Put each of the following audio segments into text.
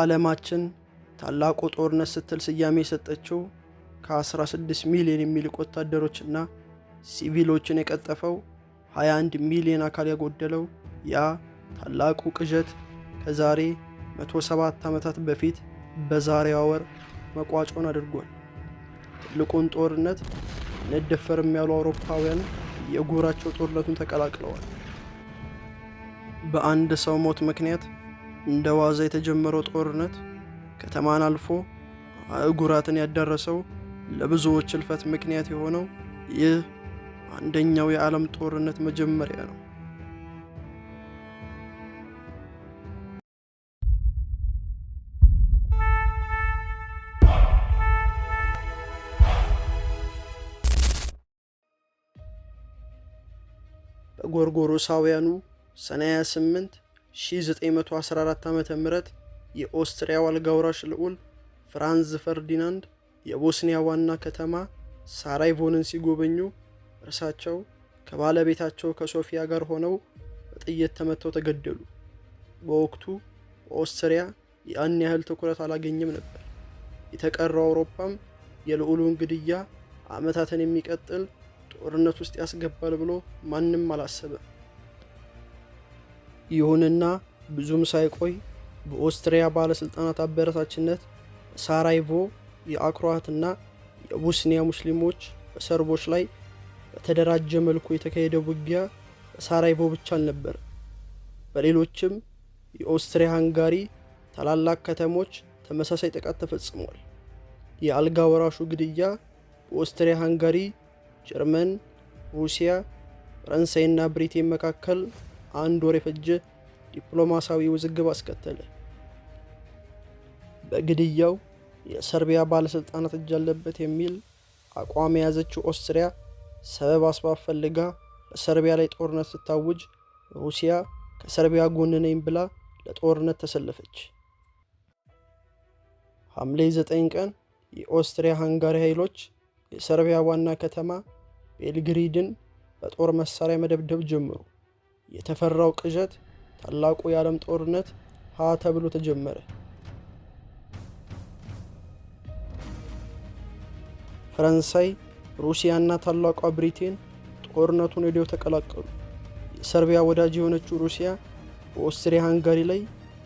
ዓለማችን ታላቁ ጦርነት ስትል ስያሜ የሰጠችው ከ16 ሚሊዮን የሚልቅ ወታደሮችና ሲቪሎችን የቀጠፈው 21 ሚሊዮን አካል ያጎደለው ያ ታላቁ ቅዠት ከዛሬ 107 ዓመታት በፊት በዛሬዋ ወር መቋጮን አድርጓል። ትልቁን ጦርነት አንደፈርም ያሉ አውሮፓውያን የጎራቸው ጦርነቱን ተቀላቅለዋል። በአንድ ሰው ሞት ምክንያት እንደ ዋዛ የተጀመረው ጦርነት ከተማን አልፎ አህጉራትን ያዳረሰው ለብዙዎች እልፈት ምክንያት የሆነው ይህ አንደኛው የዓለም ጦርነት መጀመሪያ ነው። በጎርጎሮሳውያኑ ሰኔ 28 1914 ዓ ም የኦስትሪያው አልጋ ወራሽ ልዑል ፍራንዝ ፈርዲናንድ የቦስኒያ ዋና ከተማ ሳራይቮንን ሲጎበኙ እርሳቸው ከባለቤታቸው ከሶፊያ ጋር ሆነው በጥይት ተመተው ተገደሉ። በወቅቱ ኦስትሪያ ያን ያህል ትኩረት አላገኘም ነበር። የተቀረው አውሮፓም የልዑሉን ግድያ ዓመታትን የሚቀጥል ጦርነት ውስጥ ያስገባል ብሎ ማንም አላሰበም። ይሁንና ብዙም ሳይቆይ በኦስትሪያ ባለሥልጣናት አበረታችነት ሳራይቮ የአክሮአትና የቦስኒያ ሙስሊሞች ሰርቦች ላይ በተደራጀ መልኩ የተካሄደው ውጊያ ሳራይቮ ብቻ አልነበር። በሌሎችም የኦስትሪያ ሃንጋሪ ታላላቅ ከተሞች ተመሳሳይ ጥቃት ተፈጽሟል። የአልጋ ወራሹ ግድያ በኦስትሪያ ሃንጋሪ፣ ጀርመን፣ ሩሲያ፣ ፈረንሳይና ብሪቴን መካከል አንድ ወር የፈጀ ዲፕሎማሲያዊ ውዝግብ አስከተለ። በግድያው የሰርቢያ ባለሥልጣናት እጅ አለበት የሚል አቋም የያዘችው ኦስትሪያ ሰበብ አስባብ ፈልጋ በሰርቢያ ላይ ጦርነት ስታውጅ ሩሲያ ከሰርቢያ ጎን ነኝ ብላ ለጦርነት ተሰለፈች። ሐምሌ 9 ቀን የኦስትሪያ ሃንጋሪ ኃይሎች የሰርቢያ ዋና ከተማ ቤልግሪድን በጦር መሳሪያ መደብደብ ጀመሩ። የተፈራው ቅዠት፣ ታላቁ የዓለም ጦርነት ሀ ተብሎ ተጀመረ። ፈረንሳይ፣ ሩሲያና ታላቋ ብሪቴን ጦርነቱን ሄደው ተቀላቀሉ። የሰርቢያ ወዳጅ የሆነችው ሩሲያ በኦስትሪያ ሃንጋሪ ላይ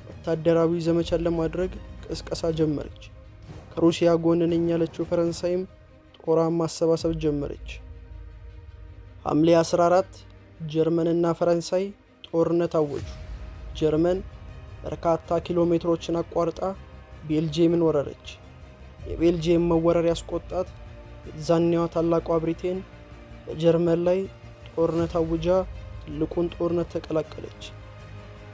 ወታደራዊ ዘመቻን ለማድረግ ቅስቀሳ ጀመረች። ከሩሲያ ጎን ነኝ ያለችው ፈረንሳይም ጦሯን ማሰባሰብ ጀመረች። ሐምሌ 14 ጀርመንና ፈረንሳይ ጦርነት አወጁ። ጀርመን በርካታ ኪሎ ሜትሮችን አቋርጣ ቤልጅየምን ወረረች። የቤልጅየም መወረር ያስቆጣት የዛኔዋ ታላቋ ብሪቴን በጀርመን ላይ ጦርነት አውጃ ትልቁን ጦርነት ተቀላቀለች።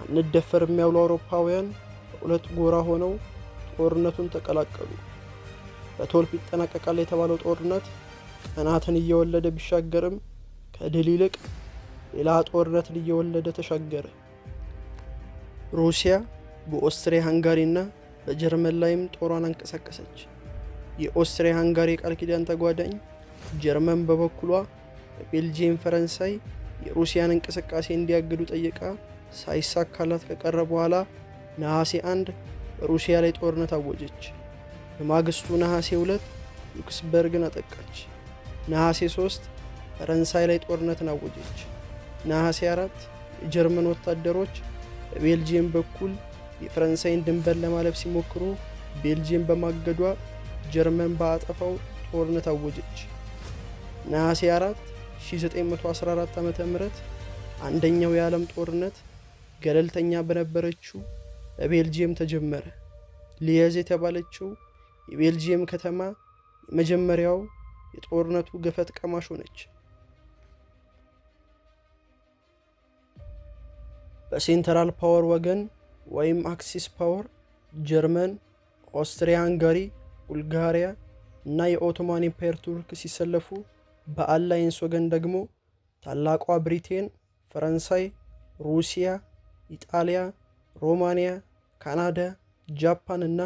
አንደፈርም ያሉ አውሮፓውያን በሁለት ጎራ ሆነው ጦርነቱን ተቀላቀሉ። በቶልፍ ይጠናቀቃል የተባለው ጦርነት ቀናትን እየወለደ ቢሻገርም ከድል ይልቅ ሌላ ጦርነትን እየወለደ ተሻገረ። ሩሲያ በኦስትሪያ ሃንጋሪና በጀርመን ላይም ጦሯን አንቀሳቀሰች። የኦስትሪያ ሃንጋሪ ቃል ኪዳን ተጓዳኝ ጀርመን በበኩሏ በቤልጅየም ፈረንሳይ የሩሲያን እንቅስቃሴ እንዲያግዱ ጠይቃ ሳይሳካላት ከቀረ በኋላ ነሐሴ አንድ በሩሲያ ላይ ጦርነት አወጀች። በማግስቱ ነሐሴ ሁለት ሉክስበርግን አጠቃች። ነሐሴ ሶስት ፈረንሳይ ላይ ጦርነትን አወጀች። ነሐሴ አራት የጀርመን ወታደሮች በቤልጅየም በኩል የፈረንሳይን ድንበር ለማለፍ ሲሞክሩ ቤልጅየም በማገዷ ጀርመን በአጠፋው ጦርነት አወጀች። ነሐሴ 4 1914 ዓ ም አንደኛው የዓለም ጦርነት ገለልተኛ በነበረችው በቤልጅየም ተጀመረ። ሊየዝ የተባለችው የቤልጅየም ከተማ የመጀመሪያው የጦርነቱ ገፈት ቀማሽ ሆነች። በሴንትራል ፓወር ወገን ወይም አክሲስ ፓወር ጀርመን፣ ኦስትሪያ ሃንጋሪ፣ ቡልጋሪያ እና የኦቶማን ኢምፔር ቱርክ ሲሰለፉ በአላይንስ ወገን ደግሞ ታላቋ ብሪቴን፣ ፈረንሳይ፣ ሩሲያ፣ ኢጣሊያ፣ ሮማንያ፣ ካናዳ፣ ጃፓን እና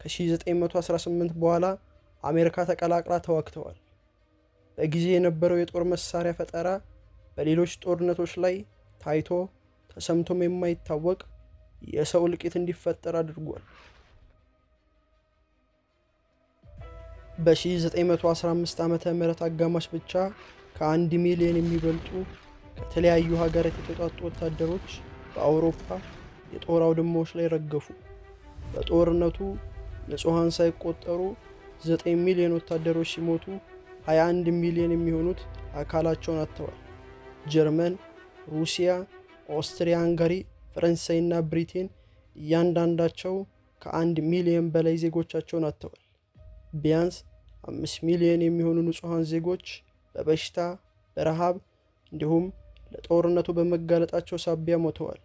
ከ1918 በኋላ አሜሪካ ተቀላቅላ ተዋግተዋል። በጊዜ የነበረው የጦር መሳሪያ ፈጠራ በሌሎች ጦርነቶች ላይ ታይቶ ተሰምቶም የማይታወቅ የሰው እልቂት እንዲፈጠር አድርጓል። በ1915 ዓመተ ምህረት አጋማሽ ብቻ ከአንድ ሚሊዮን የሚበልጡ ከተለያዩ ሀገራት የተውጣጡ ወታደሮች በአውሮፓ የጦር አውድማዎች ላይ ረገፉ። በጦርነቱ ንጹሐን ሳይቆጠሩ 9 ሚሊዮን ወታደሮች ሲሞቱ 21 ሚሊዮን የሚሆኑት አካላቸውን አጥተዋል። ጀርመን፣ ሩሲያ ኦስትሪያ ሃንጋሪ፣ እና ብሪቴን እያንዳንዳቸው ከአንድ ሚሊዮን በላይ ዜጎቻቸውን አጥተዋል። ቢያንስ አምስት ሚሊዮን የሚሆኑ ንጹሐን ዜጎች በበሽታ በረሃብ እንዲሁም ለጦርነቱ በመጋለጣቸው ሳቢያ ሞተዋል።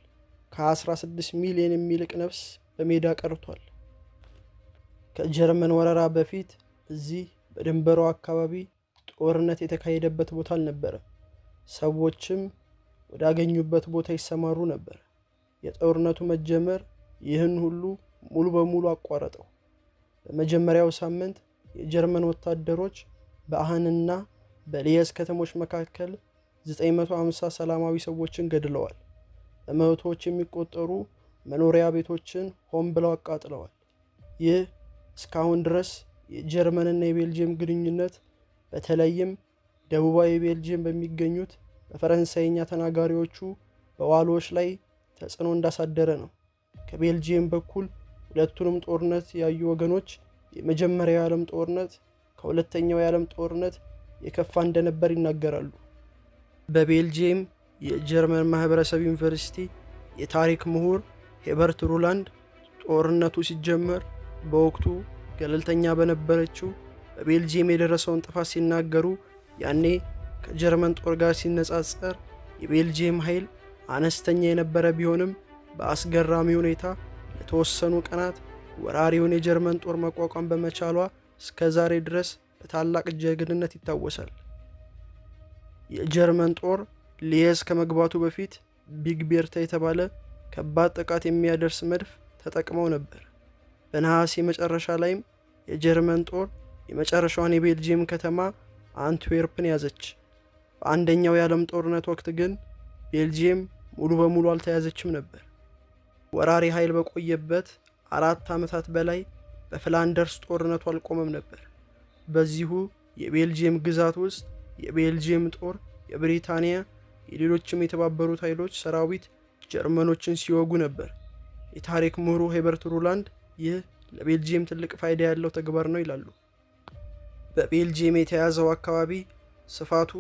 ከ16 ሚሊዮን የሚልቅ ነፍስ በሜዳ ቀርቷል። ከጀርመን ወረራ በፊት እዚህ በድንበሯ አካባቢ ጦርነት የተካሄደበት ቦታ አልነበረም። ሰዎችም ወዳገኙበት ቦታ ይሰማሩ ነበር። የጦርነቱ መጀመር ይህን ሁሉ ሙሉ በሙሉ አቋረጠው። በመጀመሪያው ሳምንት የጀርመን ወታደሮች በአህንና በሊየስ ከተሞች መካከል 950 ሰላማዊ ሰዎችን ገድለዋል። በመቶዎች የሚቆጠሩ መኖሪያ ቤቶችን ሆን ብለው አቃጥለዋል። ይህ እስካሁን ድረስ የጀርመንና የቤልጅየም ግንኙነት በተለይም ደቡባዊ ቤልጅየም በሚገኙት በፈረንሳይኛ ተናጋሪዎቹ በዋሎች ላይ ተጽዕኖ እንዳሳደረ ነው። ከቤልጂየም በኩል ሁለቱንም ጦርነት ያዩ ወገኖች የመጀመሪያው የዓለም ጦርነት ከሁለተኛው የዓለም ጦርነት የከፋ እንደነበር ይናገራሉ። በቤልጂየም የጀርመን ማህበረሰብ ዩኒቨርሲቲ የታሪክ ምሁር ሄበርት ሩላንድ ጦርነቱ ሲጀመር በወቅቱ ገለልተኛ በነበረችው በቤልጂየም የደረሰውን ጥፋት ሲናገሩ ያኔ ከጀርመን ጦር ጋር ሲነጻጸር የቤልጂየም ኃይል አነስተኛ የነበረ ቢሆንም በአስገራሚ ሁኔታ ለተወሰኑ ቀናት ወራሪውን የጀርመን ጦር መቋቋም በመቻሏ እስከ ዛሬ ድረስ በታላቅ ጀግንነት ይታወሳል። የጀርመን ጦር ሊየዝ ከመግባቱ በፊት ቢግ ቤርታ የተባለ ከባድ ጥቃት የሚያደርስ መድፍ ተጠቅመው ነበር። በነሐሴ መጨረሻ ላይም የጀርመን ጦር የመጨረሻዋን የቤልጅየም ከተማ አንትዌርፕን ያዘች። በአንደኛው የዓለም ጦርነት ወቅት ግን ቤልጅየም ሙሉ በሙሉ አልተያዘችም ነበር። ወራሪ ኃይል በቆየበት አራት ዓመታት በላይ በፍላንደርስ ጦርነቱ አልቆመም ነበር። በዚሁ የቤልጅየም ግዛት ውስጥ የቤልጅየም ጦር፣ የብሪታንያ፣ የሌሎችም የተባበሩት ኃይሎች ሰራዊት ጀርመኖችን ሲወጉ ነበር። የታሪክ ምሁሩ ሄበርት ሩላንድ ይህ ለቤልጅየም ትልቅ ፋይዳ ያለው ተግባር ነው ይላሉ። በቤልጅየም የተያዘው አካባቢ ስፋቱ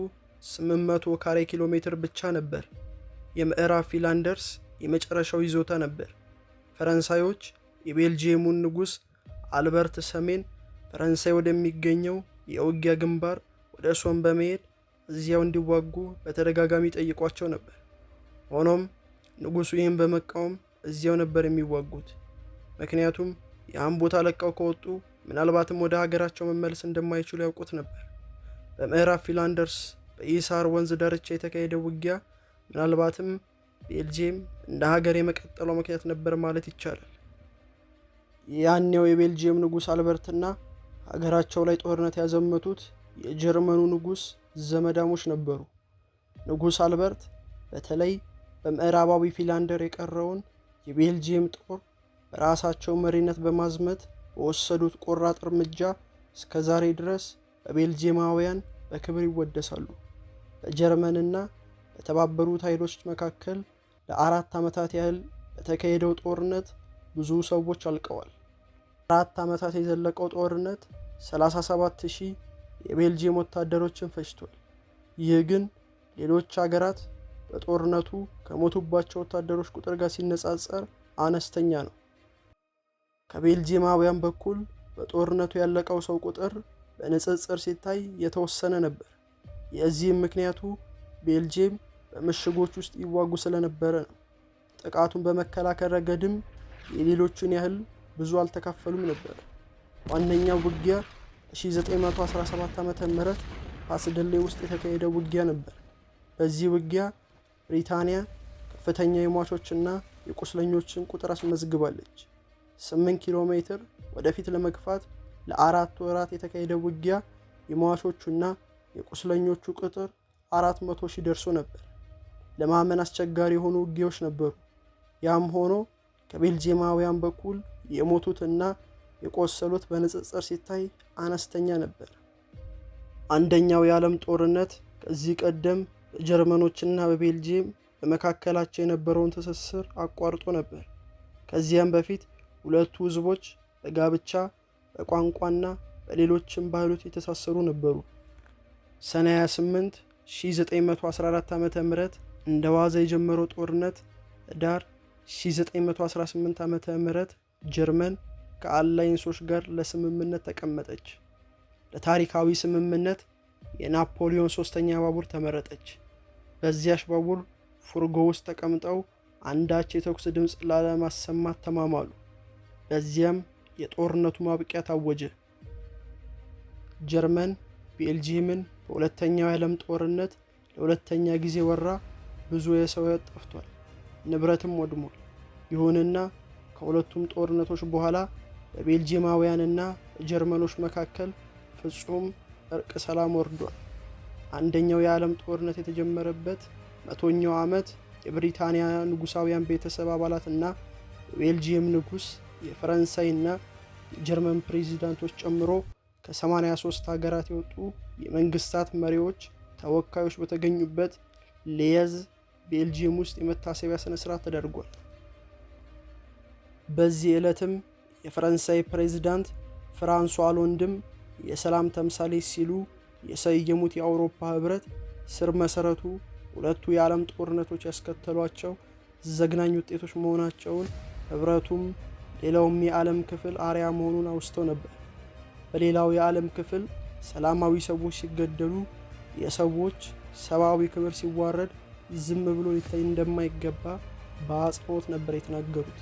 800 ካሬ ኪሎ ሜትር ብቻ ነበር። የምዕራብ ፊንላንደርስ የመጨረሻው ይዞታ ነበር። ፈረንሳዮች የቤልጂየሙን ንጉሥ አልበርት ሰሜን ፈረንሳይ ወደሚገኘው የውጊያ ግንባር ወደ ሶን በመሄድ እዚያው እንዲዋጉ በተደጋጋሚ ጠይቋቸው ነበር። ሆኖም ንጉሡ ይህን በመቃወም እዚያው ነበር የሚዋጉት። ምክንያቱም ያን ቦታ ለቀው ከወጡ ምናልባትም ወደ ሀገራቸው መመለስ እንደማይችሉ ያውቁት ነበር። በምዕራብ ፊንላንደርስ በኢሳር ወንዝ ዳርቻ የተካሄደው ውጊያ ምናልባትም ቤልጅየም እንደ ሀገር የመቀጠለው ምክንያት ነበር ማለት ይቻላል። ያኔው የቤልጅየም ንጉሥ አልበርትና ሀገራቸው ላይ ጦርነት ያዘመቱት የጀርመኑ ንጉሥ ዘመዳሞች ነበሩ። ንጉሥ አልበርት በተለይ በምዕራባዊ ፊላንደር የቀረውን የቤልጅየም ጦር በራሳቸው መሪነት በማዝመት በወሰዱት ቆራጥ እርምጃ እስከ ዛሬ ድረስ በቤልጅየማውያን በክብር ይወደሳሉ። ጀርመንና በተባበሩት ኃይሎች መካከል ለአራት ዓመታት ያህል በተካሄደው ጦርነት ብዙ ሰዎች አልቀዋል። አራት ዓመታት የዘለቀው ጦርነት 37 ሺህ የቤልጅየም ወታደሮችን ፈጅቷል። ይህ ግን ሌሎች ሀገራት በጦርነቱ ከሞቱባቸው ወታደሮች ቁጥር ጋር ሲነጻጸር አነስተኛ ነው። ከቤልጅየማውያን በኩል በጦርነቱ ያለቀው ሰው ቁጥር በንጽጽር ሲታይ የተወሰነ ነበር። የዚህም ምክንያቱ ቤልጅየም በምሽጎች ውስጥ ይዋጉ ስለነበረ ነው። ጥቃቱን በመከላከል ረገድም የሌሎቹን ያህል ብዙ አልተካፈሉም ነበር። ዋነኛው ውጊያ 1917 ዓ ም ፋሲደሌ ውስጥ የተካሄደ ውጊያ ነበር። በዚህ ውጊያ ብሪታንያ ከፍተኛ የሟቾችና የቁስለኞችን ቁጥር አስመዝግባለች። 8 ኪሎ ሜትር ወደፊት ለመግፋት ለአራት ወራት የተካሄደ ውጊያ የሟቾቹና የቁስለኞቹ ቁጥር አራት መቶ ሺህ ደርሶ ነበር። ለማመን አስቸጋሪ የሆኑ ውጊያዎች ነበሩ። ያም ሆኖ ከቤልጅማውያን በኩል የሞቱትና የቆሰሉት በንጽጽር ሲታይ አነስተኛ ነበር። አንደኛው የዓለም ጦርነት ከዚህ ቀደም በጀርመኖችና በቤልጂየም በመካከላቸው የነበረውን ትስስር አቋርጦ ነበር። ከዚያም በፊት ሁለቱ ሕዝቦች በጋብቻ በቋንቋና በሌሎችም ባህሎች የተሳሰሩ ነበሩ። ሰኔ 28 1914 ዓ ም እንደ ዋዛ የጀመረው ጦርነት ዳር 1918 ዓ ም ጀርመን ከአላይንሶች ጋር ለስምምነት ተቀመጠች። ለታሪካዊ ስምምነት የናፖሊዮን ሶስተኛ ባቡር ተመረጠች። በዚያሽ ባቡር ፉርጎ ውስጥ ተቀምጠው አንዳች የተኩስ ድምፅ ላለማሰማት ተማማሉ። በዚያም የጦርነቱ ማብቂያ ታወጀ። ጀርመን ቤልጂየምን በሁለተኛው የዓለም ጦርነት ለሁለተኛ ጊዜ ወራ ብዙ የሰው ሕይወት ጠፍቷል፣ ንብረትም ወድሟል። ይሁንና ከሁለቱም ጦርነቶች በኋላ በቤልጂማውያንና ጀርመኖች መካከል ፍጹም እርቅ ሰላም ወርዷል። አንደኛው የዓለም ጦርነት የተጀመረበት መቶኛው ዓመት የብሪታንያ ንጉሳውያን ቤተሰብ አባላትና የቤልጂየም የፈረንሳይ የፈረንሳይና የጀርመን ፕሬዚዳንቶች ጨምሮ ከ83 ሀገራት የወጡ የመንግስታት መሪዎች ተወካዮች በተገኙበት ሊየዝ ቤልጅየም ውስጥ የመታሰቢያ ስነ ስርዓት ተደርጓል። በዚህ ዕለትም የፈረንሳይ ፕሬዚዳንት ፍራንሷ ሎንድም የሰላም ተምሳሌ ሲሉ የሰየሙት የአውሮፓ ህብረት ስር መሰረቱ ሁለቱ የዓለም ጦርነቶች ያስከተሏቸው ዘግናኝ ውጤቶች መሆናቸውን ህብረቱም ሌላውም የዓለም ክፍል አርያ መሆኑን አውስተው ነበር። በሌላው የዓለም ክፍል ሰላማዊ ሰዎች ሲገደሉ፣ የሰዎች ሰብአዊ ክብር ሲዋረድ ዝም ብሎ ሊታይ እንደማይገባ በአጽንኦት ነበር የተናገሩት።